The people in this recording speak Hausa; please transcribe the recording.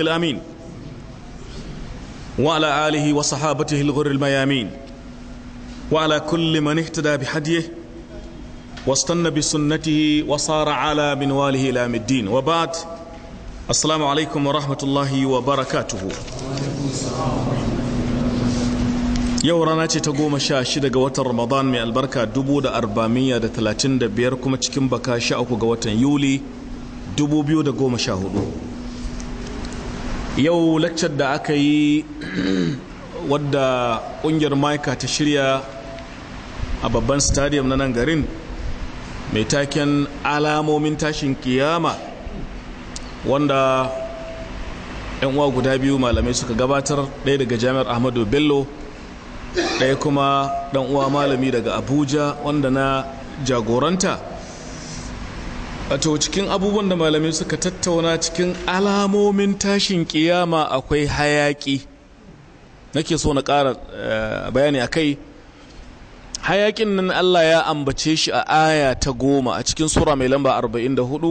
الأمين وعلى آله وصحابته الغر الميامين وعلى كل من اهتدى بحديه واستنى بسنته وصار على منواله إلى الدين وبعد السلام عليكم ورحمة الله وبركاته yau rana ce ta goma sha shida ga watan ramadan mai albarka dubu da arba'amiya da talatin da biyar kuma cikin baka sha uku ga watan yuli dubu biyu da goma sha hudu yau laccar da aka yi wadda kungiyar maika ta shirya a babban stadium na nan garin mai taken alamomin tashin kiyama wanda yan uwa guda biyu malamai suka gabatar ɗaya daga jami'ar ahmadu bello ɗaya kuma ɗan uwa malami daga abuja wanda na jagoranta wato cikin abubuwan da malamai suka tattauna cikin alamomin tashin kiyama akwai hayaki nake so na ƙara eh, bayani a kai hayakin nan Allah ya ambace shi a aya ta goma a cikin sura mai lamba 44